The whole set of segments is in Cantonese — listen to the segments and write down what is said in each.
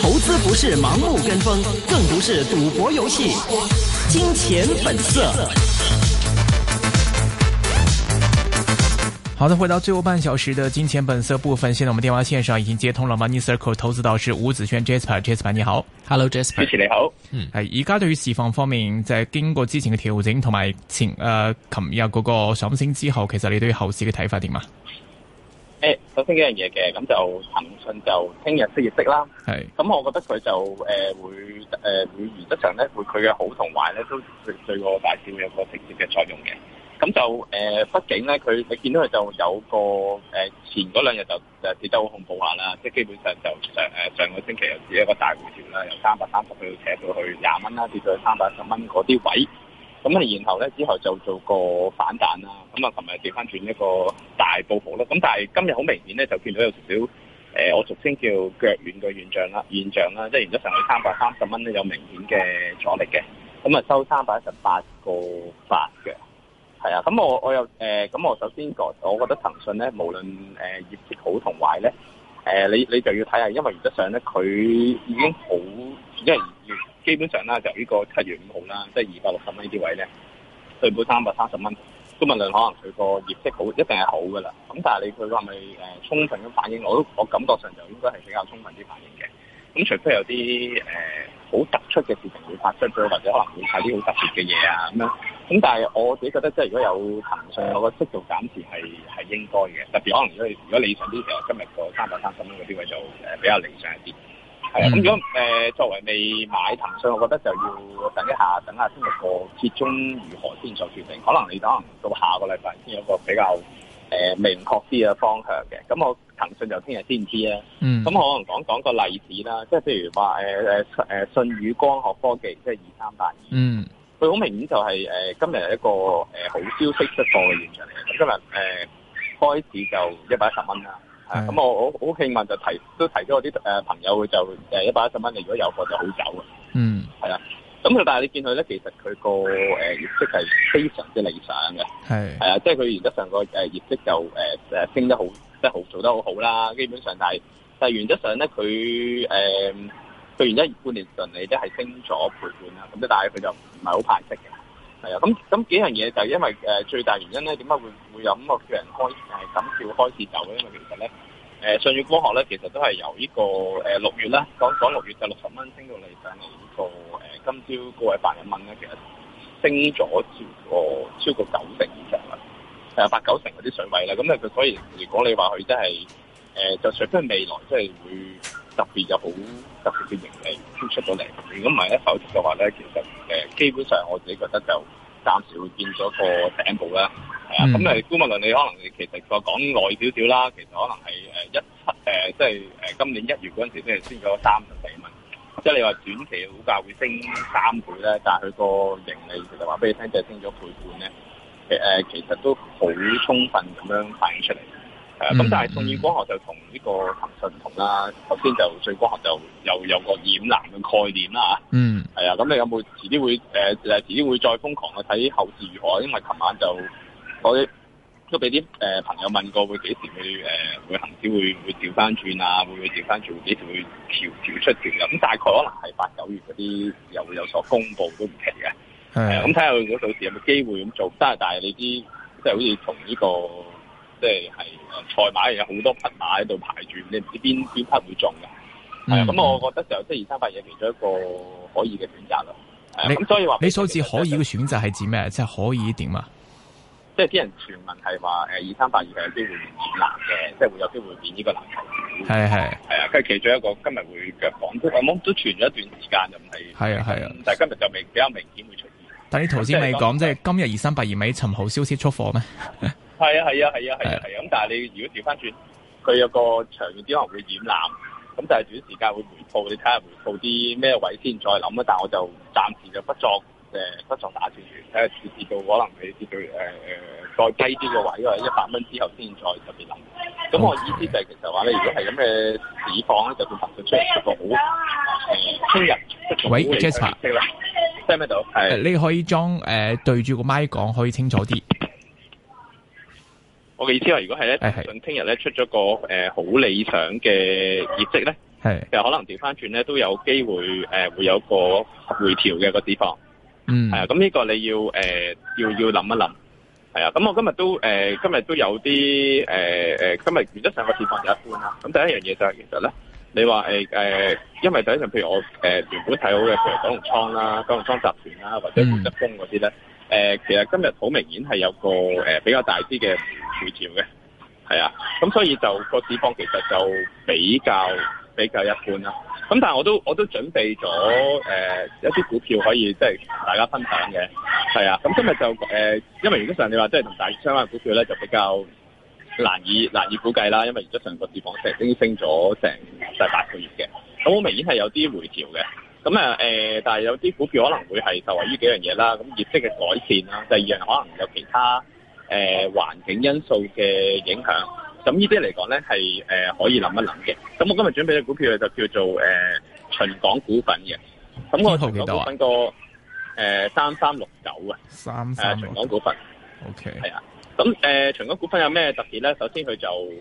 投資不是盲目跟風，更不是賭博遊戲。金錢本色。好的，回到最後半小時的金錢本色部分。現在我們電話線上已經接通了 Money Circle 投資導師吳子軒 Jasper Jasper 你好，Hello Jasper 你好，嗯，哎，而家對於市況方面，在經過之前嘅調整同埋前誒，琴日嗰個上升之後，其實你對後市嘅睇法點啊？誒，首先呢樣嘢嘅，咁就騰訊就聽日出業績啦。係，咁我覺得佢就誒會誒會實質上咧，佢佢嘅好同壞咧，都對個大市有個直接嘅作用嘅。咁就誒，畢竟咧，佢你見到佢就有個誒前嗰兩日就就跌得好恐怖下啦，即係基本上就上誒上個星期又是一個大回調啦，由三百三十去扯到去廿蚊啦，跌到去三百一十蚊嗰啲位。咁然後咧，之後就做個反彈啦。咁啊，琴日掉翻轉一個大報盤咯。咁但係今日好明顯咧，就見到有少少誒，我俗稱叫腳軟嘅現象啦，現象啦。即係原咗上去三百三十蚊咧，有明顯嘅阻力嘅。咁啊，收三百一十八個八嘅。係啊。咁我我又誒，咁、呃、我首先講，我覺得騰訊咧，無論誒業績好同壞咧，誒、呃、你你就要睇下，因為原則上咧，佢已經好，因為。基本上咧，就個7、就是，呢個七月五號啦，即係二百六十蚊呢啲位咧，對半三百三十蚊，今日量可能佢個業績好一定係好噶啦。咁但係你佢係咪誒充分嘅反應？我都我感覺上就應該係比較充分啲反應嘅。咁除非有啲誒好突出嘅事情會發出咗，或者可能會派啲好特別嘅嘢啊咁樣。咁但係我自己覺得，即係如果有騰訊有個適度減持係係應該嘅，特別可能如果你如果想啲嘅今日個三百三十蚊嗰啲位就誒比較理想一啲。係、嗯、啊，咁如果、呃、作為未買騰訊，我覺得就要等一下，等下聽日個節鐘如何先做決定。可能你可能到下個禮拜先有個比較誒明、呃、確啲嘅方向嘅。咁我騰訊就聽日先知啦。嗯。咁可能講講個例子啦，即係譬如話、呃、舜宇、呃、光學科技，即係二三八二。嗯。佢好明顯就係、是呃、今日一個、呃、好消息出貨嘅現象嚟嘅，咁今日誒、呃、開始就一百一十蚊啦。咁，我好好慶幸就提都提咗我啲朋友，就誒一百一十蚊。你如果有貨就好走嘅，嗯，係、嗯、啊。咁、嗯嗯、但係你見佢咧，其實佢個誒業績係非常之理想嘅，係係啊，即係佢原則上個誒業績就升得好即係好做得好好啦。基本上，但係但係原則上咧，佢誒佢原則半年順利即係升咗倍半啦。咁但係佢就唔係好排斥嘅。係啊，咁咁幾樣嘢就係因為誒最大原因咧，點解會會有咁個叫人開係咁叫開始走咧？因為其實咧，誒信譽科學咧，其實都係由呢個誒六月啦，講講六月就六十蚊升到嚟到呢個今朝高位八一蚊啦，其實升咗超過超過九成以上啦，係、嗯、啊，八九成嗰啲水位啦，咁啊佢所以如果你話佢真係誒就除非未來真係會。特別就好特別嘅盈利突出到嚟，如果唔係咧，否則嘅話咧，其實誒基本上我自己覺得就暫時會見咗個頂部啦。係、嗯、啊，咁誒，姑勿論，你可能其實再講耐少少啦，其實可能係誒一七誒，即係誒今年一月嗰陣時才，即係升咗三十四蚊。即係你話短期股價會升三倍咧，但係佢個盈利其實話俾你聽，就係升咗倍半咧。誒，其實都好充分咁樣反映出嚟。誒、嗯，咁、嗯、但係宋宇光學就信同呢、啊、個騰訊同啦。頭先就宋宇光學就又有個染藍嘅概念啦、啊、嗯。係啊，咁你有冇遲啲會誒誒遲啲會再瘋狂去睇後事如何？因為琴晚就我都俾啲誒朋友問過會時會、呃，會幾時會誒會恒指會會調翻轉啊？會唔會調翻轉？會幾時會調調出調？嘅？咁大概可能係八九月嗰啲又會有所公布都唔奇嘅。係。咁睇下如果到時有冇機會咁做，但係但係你啲，即、就、係、是、好似同呢個。即係賽馬，有好多匹馬喺度排住，你唔知邊邊匹會中嘅。係、嗯、啊、咁、嗯嗯、我覺得時候即了了、嗯、是就是是就是、即係二三八二其中一個可以嘅選擇咯。咁所以話，你所指可以嘅選擇係指咩？即係可以點啊？即係啲人傳聞係話，誒，二三八二係有機會變難嘅，即係會有機會變呢個難。係係係啊，跟住其中一個今日會腳訪，即係我冇都傳咗一段時間，就係係啊係啊，但係今日就未比較明顯會出現。是但係你頭先咪講，即係今日二三八二咪尋號消息出貨咩？ 係啊，係啊，係啊，係啊，係啊。咁、啊啊、但係你如果調翻轉，佢有個長遠啲可能會掩藍，咁但係短時間會回補，你睇下回補啲咩位先再諗啊。但係我就暫時就不作誒、呃、不作打算，睇下跌跌到可能你跌到誒再低啲嘅位，或者一百蚊之後先再特別諗。咁、okay，我意思就係其實話咧，如果係咁嘅市況咧，就變發出個、呃、出個好誒聽日。喂，Jasper，聽唔聽到？係。你可以裝誒、呃、對住個麥講，可以清楚啲。我嘅意思係，如果係咧，等聽日咧出咗個誒好理想嘅業績咧，係其實可能調翻轉咧都有機會誒、呃、會有一個回調嘅個指況，嗯，係啊，咁呢個你要誒、呃、要要諗一諗係啊。咁、嗯、我今日都誒、呃、今日都有啲誒誒，今日原則上個市況就一般啦。咁第一樣嘢就係其實咧，你話誒誒，因為第一層譬如我誒、呃、原本睇好嘅譬如九龍倉啦、九龍倉集團啦或者會德豐嗰啲咧誒，其實今日好明顯係有個誒、呃、比較大啲嘅。回調嘅，係啊，咁所以就個市況其實就比較比較一般啦。咁但係我都我都準備咗，誒、呃，有啲股票可以即係、就是、同大家分享嘅，係啊。咁今日就誒、呃，因為原則上你話即係同大相關嘅股票咧，就比較難以難以估計啦。因為原則上個市況成已經升咗成成八個月嘅，咁好明顯係有啲回調嘅。咁啊誒，但係有啲股票可能會係就係呢幾樣嘢啦。咁業績嘅改善啦，第二樣可能有其他。誒、呃，環境因素嘅影響，咁呢啲嚟講咧，係誒可以諗一諗嘅。咁我今日準備嘅股票就叫做誒秦、呃、港股份嘅。咁我秦港股份個誒三三六九啊，誒、呃、秦、呃、港股份。O K，係啊。咁誒秦港股份有咩特別咧？首先佢就誒、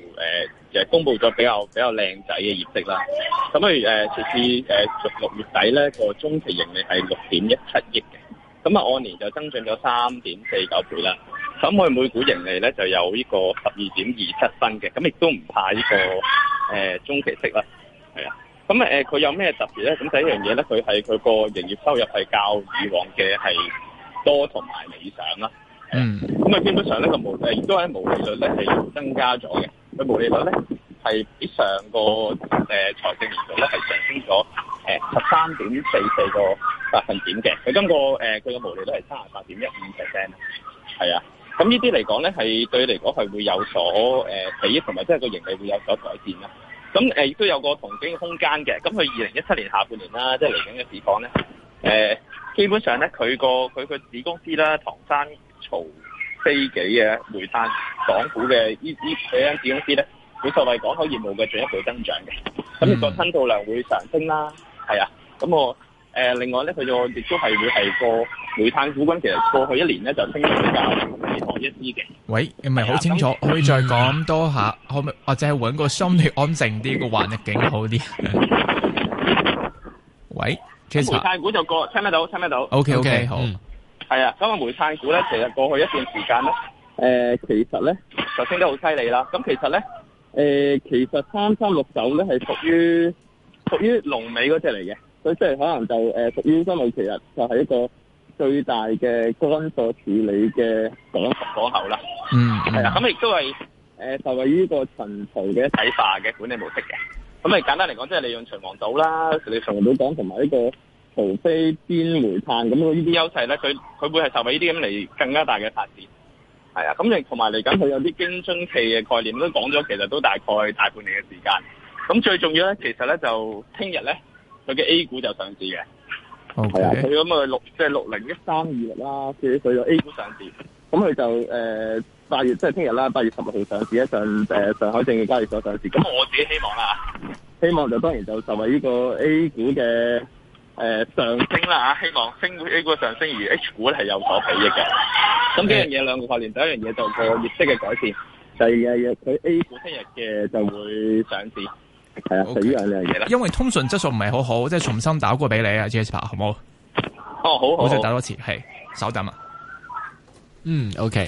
呃、公布咗比較比較靚仔嘅業績啦。咁譬如誒截至誒六月底咧，個中期盈利係六點一七億嘅，咁啊按年就增長咗三點四九倍啦。咁佢每股盈利咧就有呢個十二點二七分嘅，咁亦都唔怕呢、這個誒、呃、中期息啦，係啊。咁誒佢有咩特別咧？咁第一樣嘢咧，佢係佢個營業收入係較以往嘅係多同埋理想啦。嗯。咁啊，基本上咧個毛、毛利率都係毛利率咧係增加咗嘅。佢毛利率咧係比上個誒財政年度咧係上升咗誒十三點四四個百分點嘅。佢今、這個誒佢嘅毛利率係三十八點一五 percent，係啊。咁呢啲嚟講咧，係對佢嚟講係會有所誒裨益，同埋即係個盈利會有所改善啦。咁亦都有個憧憬空間嘅。咁佢二零一七年下半年啦，即係嚟緊嘅市況咧，誒、呃、基本上咧佢個佢個子公司啦，唐山曹妃甸嘅煤炭港股嘅呢依幾間子公司咧，會作為港口業務嘅進一步增長嘅，咁、嗯、個吞吐量會上升啦。係啊，咁我誒、呃、另外咧，佢就亦都係會係個。煤炭股，咁其實過去一年咧就升得比較一啲嘅。喂，唔係好清楚，可以再講多下可唔可？或者係揾個心血安靜啲嘅環境好啲。 喂，其實煤炭股就過，聽得到，聽得到。O K O K，好。係啊，咁個煤炭股咧，其實過去一段時間咧，誒、呃，其實咧就升得好犀利啦。咁其實咧，誒、呃，其實三三六九咧係屬於屬於龍尾嗰隻嚟嘅，所以即係可能就誒屬於尾，呃、於心裡其實就係一個。最大嘅乾貨處理嘅港服港口啦，嗯、mm-hmm. 啊，係啦，咁亦都係誒，受惠於呢個群島嘅一體化嘅管理模式嘅。咁誒，簡單嚟講，即、就、係、是、利用秦皇島啦、佢哋秦皇島港同埋呢個曹妃甸煤炭，咁呢啲優勢咧，佢佢會係受惠呢啲咁嚟更加大嘅發展。係啊，咁同埋嚟緊佢有啲京津冀嘅概念都講咗，其實都大概大半年嘅時間。咁最重要咧，其實咧就聽日咧佢嘅 A 股就上市嘅。係、okay. 啊，佢咁啊六即係六零一三二六啦，佢佢喺 A 股上市，咁佢就誒八、呃、月即係聽日啦，八月十六號上市，一上誒、呃、上海證券交易所上市。咁我自己希望啦，希望就當然就作為呢個 A 股嘅誒、呃、上升啦吓，希望升 A 股上升，而 H 股咧係有所裨益嘅。咁呢樣嘢兩個概念，第一樣嘢就個業績嘅改善，第二樣嘢佢 A 股聽日嘅就會上市。係啊，因為通訊質素唔係好好，即係重新打過畀你啊，Jasper，好唔好？哦，好好，我再打多次，係，稍等啊，嗯，OK。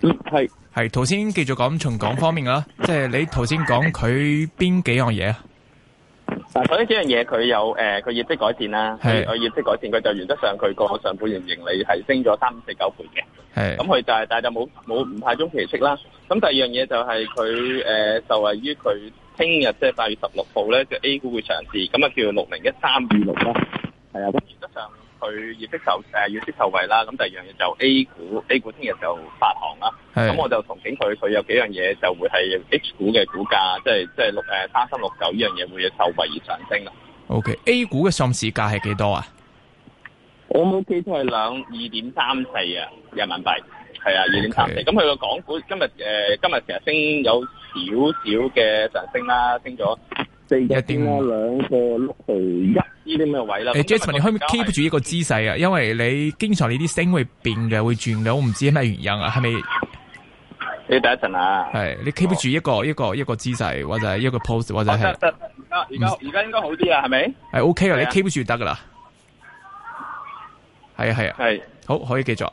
嗯，係係，頭先繼續講從港方面啦，即係你頭先講佢邊幾樣嘢啊？嗱，首先呢樣嘢佢有誒，佢、呃、業績改善啦，係佢業績改善，佢就原則上佢個上半年盈利係升咗三四九倍嘅，係咁佢就係但係就冇冇唔派中期息啦。咁第二樣嘢就係佢誒，就係於佢聽日即係八月十六號咧，就 A 股會上市，咁啊，叫六零一三二六啦，係啊，咁原則上。佢業績受誒業績受惠啦，咁第二樣嘢就 A 股，A 股聽日就發行啦，咁我就憧憬佢，佢有幾樣嘢就會係 H 股嘅股價，即係即係六誒三三六九呢樣嘢會有受惠而上升咯。O K，A 股嘅上市價係幾多啊？我冇記錯係兩二點三四啊，人民幣係啊，二點三四。咁佢個港股今日誒、呃、今日成日升有少少嘅上升啦，升咗。一點啊，兩個六毫一呢啲咩位啦？Jason 你可唔可以 keep 住一個姿勢啊，因為你經常你啲聲會變嘅，會轉嘅，我唔知咩原因啊，係咪？你等一陣啊，係你 keep 住，這個哦，一個一個一個姿勢或者一個 pose 或者係而家而家而家應該好啲啊，係咪？係 OK 係啊，你 keep 住得噶啦，係啊係啊，係，啊啊、好可以繼續。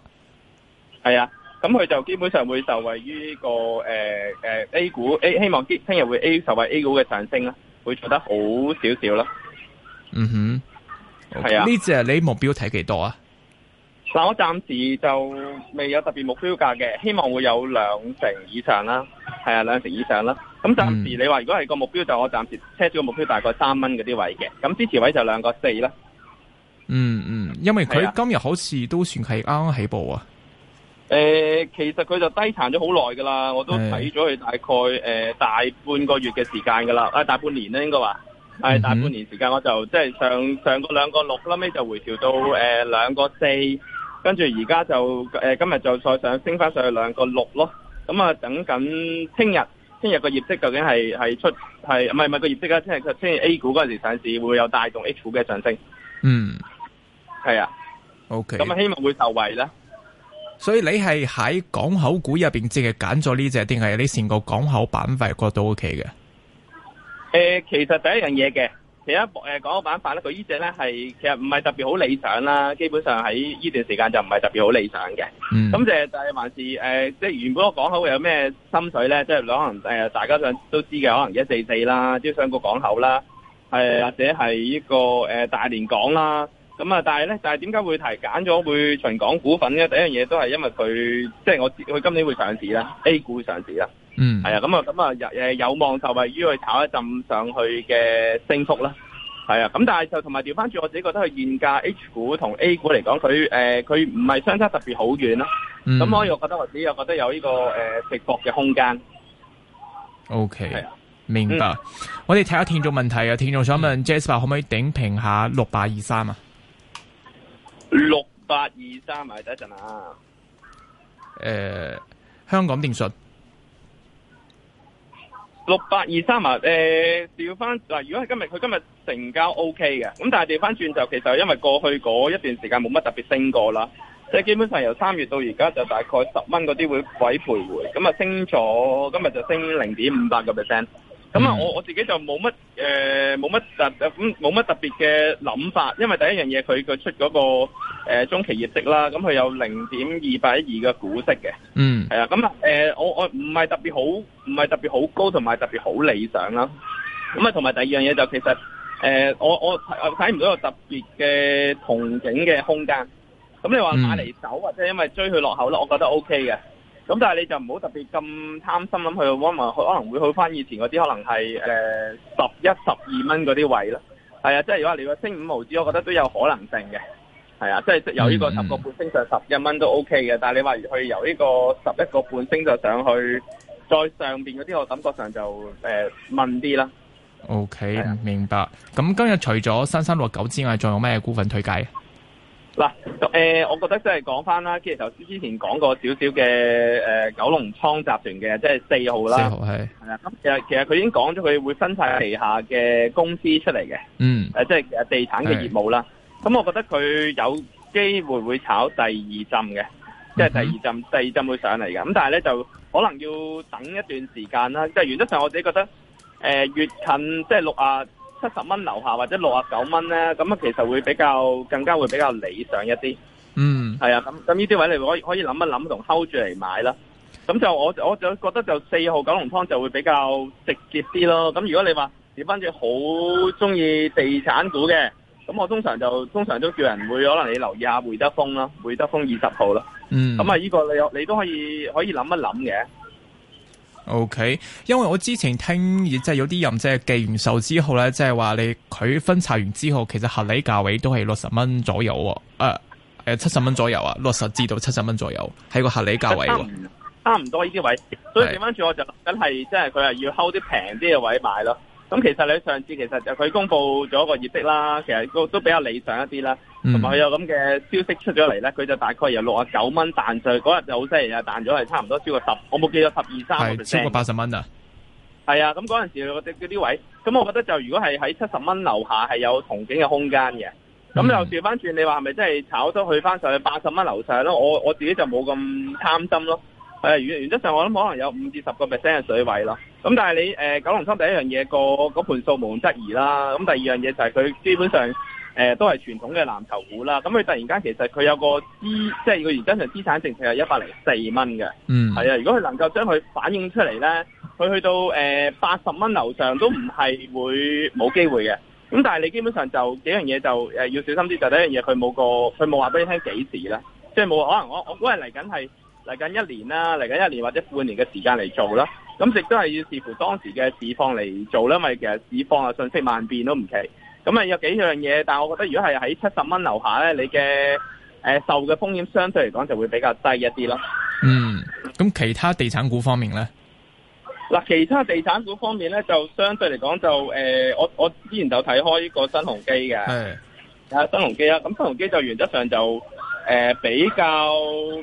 係啊，咁佢就基本上會受惠於呢個誒誒、呃呃、A 股 A，希望聽聽日會 A 受惠 A 股嘅上升啦。會做得好少少啦，嗯哼，係、okay, 啊，呢隻你目標睇幾多啊？嗱，我暫時就未有特別目標價嘅，希望會有兩成以上啦，係啊，兩成以上啦。咁暫時你話如果係個目標就、嗯、我暫時車主個目標大概三蚊嗰啲位嘅，咁支持位就兩個四啦。嗯嗯，因為佢今日好似都算係啱啱起步啊。誒、呃，其實佢就低殘咗好耐噶啦，我都睇咗佢大概誒、呃、大半個月嘅時間噶啦，啊、呃、大半年咧應該話係、呃、大半年時間，我就即係上上個兩個六，後尾就回調到誒、呃、兩個四，跟住而家就誒、呃、今日就再上升翻上去兩個六咯。咁、嗯、啊，等緊聽日，聽日個業績究竟係係出係唔係唔係個業績啊？聽日聽日 A 股嗰陣時上市，會唔會有帶動 H 股嘅上升？嗯，係啊，O K。咁啊，okay. 希望會受惠啦。所以你係喺港口股入邊即係揀咗呢隻，定係你成個港口板塊覺都 O K 嘅？誒、呃，其實第一樣嘢嘅，其一誒、呃，港口板塊咧，佢呢隻咧係其實唔係特別好理想啦，基本上喺呢段時間就唔係特別好理想嘅。咁、嗯、就係第還是誒，即、呃、係、就是、原本個港口有咩心水咧？即、就、係、是、可能誒、呃，大家想都知嘅，可能一四四啦，即係上個港口啦，係、呃、或者係呢個誒、呃、大連港啦。咁啊，但係咧，但係點解會提揀咗會巡港股份嘅第一樣嘢，都係因為佢即係我佢今年會上市啦，A 股會上市啦。嗯。係啊，咁啊，咁啊，誒，有望受惠於去炒一浸上去嘅升幅啦。係啊，咁但係就同埋調翻轉，我自己覺得佢現價 H 股同 A 股嚟講，佢誒，佢唔係相差特別好遠啦。咁、嗯、我以我覺得我自己又覺得有呢、這個誒，跌幅嘅空間。O、okay, K、啊、明白。嗯、我哋睇下聽眾問題啊，聽眾想問、嗯、Jasper 可唔可以頂評下六百二三啊？六八二三埋，等一陣啊！誒，香港電訊六八二三啊！誒，調翻嗱，如果係今日，佢今日成交 OK 嘅，咁但係調翻轉就，其實因為過去嗰一段時間冇乜特別升過啦，即係基本上由三月到而家就大概十蚊嗰啲會鬼徘徊，咁啊升咗今日就升零點五八個 percent。咁啊，我我自己就冇乜誒，冇乜特咁，冇乜特別嘅諗法。因為第一樣嘢，佢佢出嗰個誒中期業績啦，咁佢有零點二八一二嘅股息嘅。嗯。係啊，咁啊誒，我我唔係特別好，唔係特別好高同埋特別好理想啦。咁啊，同埋第二樣嘢就其實誒，我我睇唔到有特別嘅憧憬嘅空間。咁你話買嚟守或者因為追佢落口咯，我覺得 OK 嘅。咁但係你就唔好特別咁貪心，諗去搵佢可能會去翻以前嗰啲，可能係誒十一、十二蚊嗰啲位啦。係啊，即係如果你話升五毫子，我覺得都有可能性嘅。係啊，即係由呢個十個半升上十一蚊都 OK 嘅。但係你話去由呢個十一個半升就上去再上面嗰啲，我感覺上就誒慢啲啦。OK，明白。咁今日除咗三三六九之外，仲有咩股份推介？嗱、呃，我覺得，得小小、呃、即係講翻啦，其實頭先之前講過少少嘅九龍倉集團嘅，即係四號啦。其實其實佢已經講咗佢會分晒旗下嘅公司出嚟嘅。嗯。即、呃、係、就是、地產嘅業務啦。咁、嗯、我覺得佢有機會會炒第二浸嘅、嗯，即係第二浸，第二浸會上嚟嘅。咁但係咧就可能要等一段時間啦。即、就、係、是、原則上，我自己覺得月、呃、越近即係六啊。就是七十蚊樓下或者六十九蚊咧，咁啊其實會比較更加會比較理想一啲。嗯，係啊，咁咁呢啲位你可以可以諗一諗同 hold 住嚟買啦。咁就我我就覺得就四號九龍倉就會比較直接啲咯。咁如果你話調翻轉好中意地產股嘅，咁我通常就通常都叫人會可能你留意下會德豐啦，會德豐二十號啦。嗯，咁啊呢個你你都可以可以諗一諗嘅。O、okay, K，因為我之前聽，即係有啲人即係寄完售之後咧，即係話你佢分拆完之後，其實合理價位都係六十蚊左右，喎，誒七十蚊左右啊，六十至到七十蚊左右，係個合理價位喎，差唔多呢啲位，所以點樣住我就梗係即係佢係要 hold 啲平啲嘅位買咯。咁其實你上次其實就佢公布咗個業績啦，其實個都比較理想一啲啦，同埋佢有咁嘅消息出咗嚟咧，佢就大概由六十九蚊彈上去，嗰日就好犀利啊，彈咗係差唔多超過十，我冇記錯十二三個 percent，超過八十蚊啊。係啊，咁嗰陣時我哋啲位，咁我覺得就如果係喺七十蚊樓下係有憧憬嘅空間嘅，咁又調翻轉你話係咪真係炒咗去翻上去八十蚊樓上咯？我我自己就冇咁貪心咯。係原原則上我諗可能有五至十個 percent 嘅水位咯。咁、嗯、但係你誒、呃、九龍倉第一樣嘢個嗰盤數無質疑啦，咁第二樣嘢就係佢基本上誒、呃、都係傳統嘅藍籌股啦。咁佢突然間其實佢有個資，即係個現金上資產淨值係一百零四蚊嘅。嗯，係啊，如果佢能夠將佢反映出嚟咧，佢去到誒八十蚊樓上都唔係會冇機會嘅。咁、嗯、但係你基本上就幾樣嘢就、呃、要小心啲，就第、是、一樣嘢佢冇個佢冇話俾你聽幾時啦，即係冇可能我我人嚟緊係。嚟緊一年啦，嚟緊一年或者半年嘅時間嚟做啦，咁亦都係要視乎當時嘅市況嚟做啦，因為其實市況啊信息萬變都唔奇。咁啊有幾樣嘢，但係我覺得如果係喺七十蚊樓下咧，你嘅誒受嘅風險相對嚟講就會比較低一啲咯。嗯，咁其他地產股方面咧？嗱，其他地產股方面咧就相對嚟講就誒、呃，我我之前就睇開呢個新鴻基嘅。係。啊，新鴻基啊，咁新鴻基就原則上就。誒、呃，比較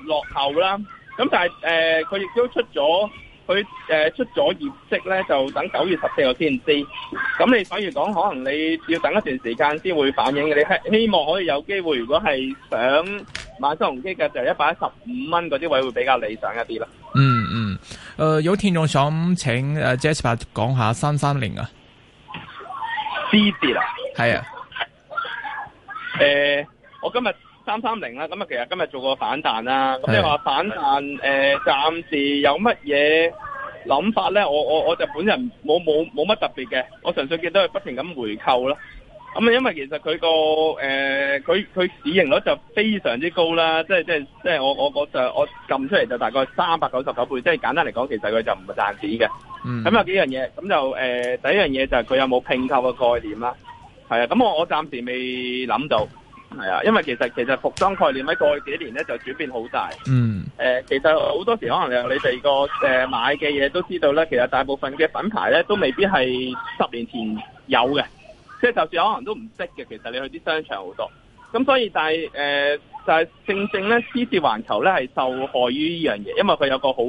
落後啦，咁但係誒，佢亦都出咗，佢誒、呃、出咗業績咧，就等九月十四號先知。咁你反而講，可能你要等一段時間先會反映嘅。你係希望可以有機會，如果係想買收紅機嘅，就一百一十五蚊嗰啲位會比較理想一啲啦。嗯嗯，誒、呃，有聽眾想請誒 Jasper 講下三三零啊，c 跌啊？係啊，誒、呃，我今日。三三零啦，咁啊，其實今日做過反彈啦。咁即係話反彈誒，暫時有乜嘢諗法咧？我我我就本人冇冇冇乜特別嘅，我純粹見到佢不停咁回購啦。咁啊，因為其實佢個誒，佢佢市盈率就非常之高啦。即係即係即係我我我就我撳出嚟就大概三百九十九倍。即係簡單嚟講，其實佢就唔係賺錢嘅。咁有幾樣嘢，咁就誒，第一樣嘢就係佢有冇併購嘅概念啦。係啊，咁我我暫時未諗到。係啊，因為其實其實服裝概念喺過去幾年咧就轉變好大。嗯，誒、呃，其實好多時可能你哋個誒買嘅嘢都知道咧，其實大部分嘅品牌咧都未必係十年前有嘅，即係就算可能都唔識嘅。其實你去啲商場好多，咁所以但係誒，但係、呃就係、正正咧，思捷環球咧係受害於呢樣嘢，因為佢有個好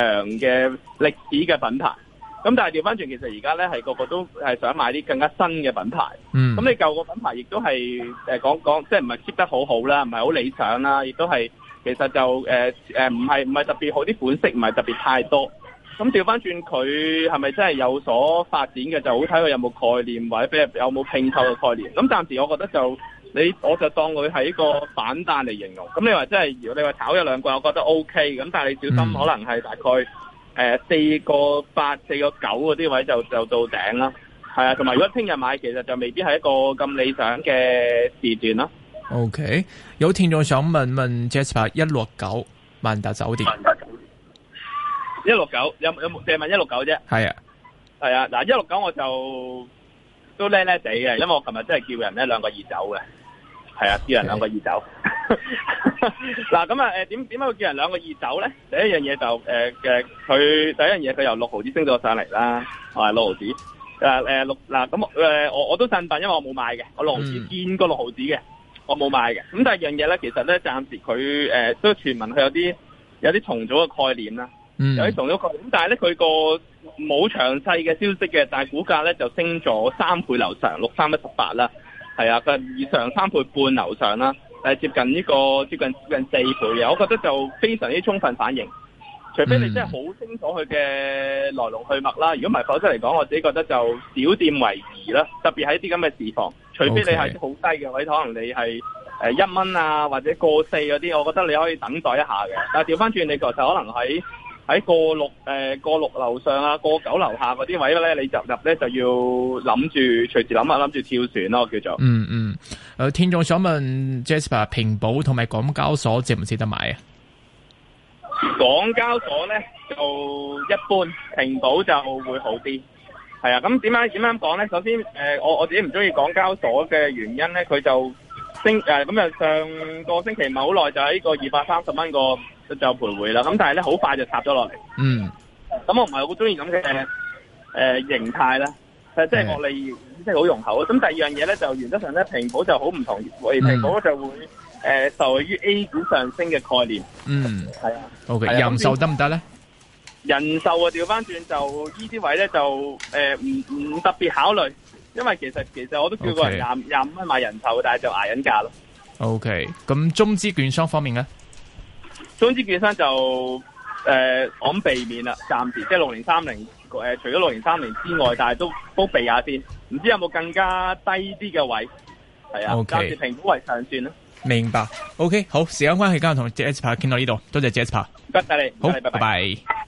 長嘅歷史嘅品牌。咁但係調翻轉，其實而家咧係個個都係想買啲更加新嘅品牌。咁你舊個品牌亦都係誒講講，即係唔係 keep 得好好啦，唔係好理想啦，亦都係其實就誒誒唔係唔係特別好，啲款式唔係特別太多。咁調翻轉佢係咪真係有所發展嘅？就好睇佢有冇概念，或者俾有冇拼湊嘅概念。咁暫時我覺得就你，我就當佢係一個反彈嚟形容。咁你話真係，如果你話炒咗兩季，我覺得 OK。咁但係你小心，可能係大概。誒，四個八，四個九嗰啲位就就到頂啦。係啊，同埋如果聽日買，其實就未必係一個咁理想嘅時段咯。OK，有聽眾想問問 Jasper 一六九萬達酒店，一六九有有冇借問一六九啫？係啊，係啊，嗱一六九我就都叻叻地嘅，因為我琴日真係叫人咧兩個二走嘅。係啊，叫人兩個二走。嗱咁啊，誒點點解會叫人兩個二走咧？第一樣嘢就誒誒，佢、呃、第一樣嘢佢由六毫子升咗上嚟啦，係、啊、六毫子。誒、啊、誒、呃、六嗱咁誒，我我都振奮，因為我冇賣嘅，我六毫子見過六毫子嘅，我冇賣嘅。咁第二樣嘢咧，其實咧暫時佢誒、呃、都傳聞佢有啲有啲重組嘅概念啦，有啲重組概念。咁、嗯、但係咧佢個冇詳細嘅消息嘅，但係股價咧就升咗三倍樓上，六三一十八啦。係啊，佢以上三倍半樓上啦，誒接近呢個接近接近四倍嘅，我覺得就非常之充分反映。除非你真係好清楚佢嘅來龍去脈啦，如果唔係，否則嚟講，我自己覺得就小店為宜啦。特別喺啲咁嘅市況，除非你係好低嘅，位，okay. 可能你係誒一蚊啊或者過四嗰啲，我覺得你可以等待一下嘅。但係調翻轉，你其實可能喺。喺過六誒，過六樓上啊，過九樓下嗰啲位咧，你入入咧就要諗住隨時諗下諗住跳船咯，叫做。嗯嗯。誒，聽眾想問 Jasper 平保同埋港交所值唔值得買啊？港交所咧就一般，平保就會好啲。係啊，咁點解點樣講咧？首先，誒，我我自己唔中意港交所嘅原因咧，佢就升誒咁就上個星期唔係好耐就喺個二百三十蚊個。就再徘徊啦，咁但係咧好快就插咗落嚟。嗯，咁我唔係好中意咁嘅誒形態咧，誒即係我哋即係好容頭。咁第二樣嘢咧就原則上咧平股就好唔同，而平股就會誒受益於 A 股上升嘅概念。嗯，係啊，好、okay, 嘅。人壽得唔得咧？人壽啊，調翻轉就呢啲位咧就誒唔唔特別考慮，因為其實其實我都叫過人廿廿五蚊買人壽，但係就捱緊價咯。O K，咁中資券商方面咧？總之就，健身就誒，我諗避免啦，暫時即係六零三零，誒、呃，除咗六零三零之外，但係都都避下先。唔知有冇更加低啲嘅位？係啊，暫時評估為上算啦。明白。OK，好，時間關係，今日同 Jasper 傾到呢度，多謝 Jasper。謝謝你，謝謝你。好，拜拜。Bye bye